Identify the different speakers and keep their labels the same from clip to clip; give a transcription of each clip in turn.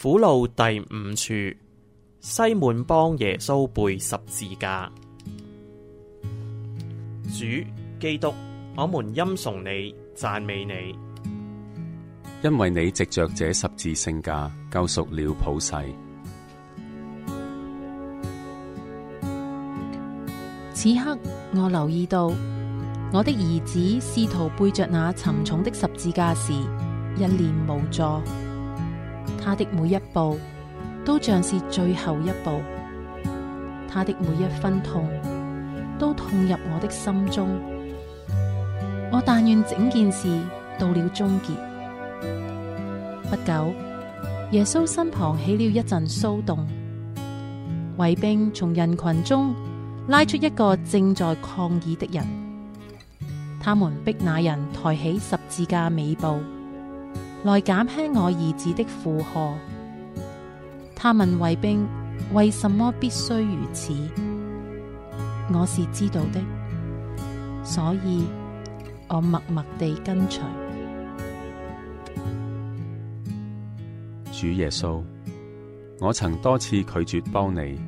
Speaker 1: 苦路第五處，西門幫耶穌背十字架。主基督，我們欽崇你，讚美你，
Speaker 2: 因為你藉着這十字聖架救贖了普世。
Speaker 3: 此刻我留意到，我的兒子試圖背着那沉重的十字架時，一臉無助。他的每一步都像是最後一步，他的每一分痛都痛入我的心中。我但願整件事到了終結。不久，耶穌身旁起了一陣騷動，衛兵從人群中拉出一個正在抗議的人，他們逼那人抬起十字架尾部。來減輕我兒子的負荷。他問衛兵：為什麼必須如此？我是知道的，所以我默默地跟隨。
Speaker 2: 主耶穌，我曾多次拒絕幫你，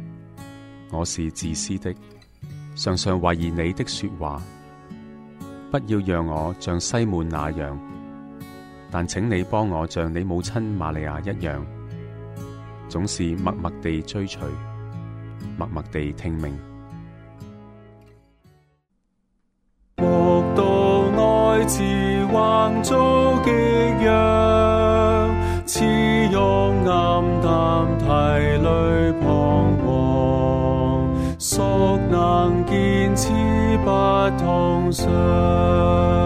Speaker 2: 我是自私的，常常懷疑你的說話。不要讓我像西門那樣。但請你幫我像你母親瑪利亞一樣，總是默默地追隨，默默地聽命。莫道愛字還遭激揚，
Speaker 4: 痴慾黯淡啼淚彷徨，孰能見此不痛傷。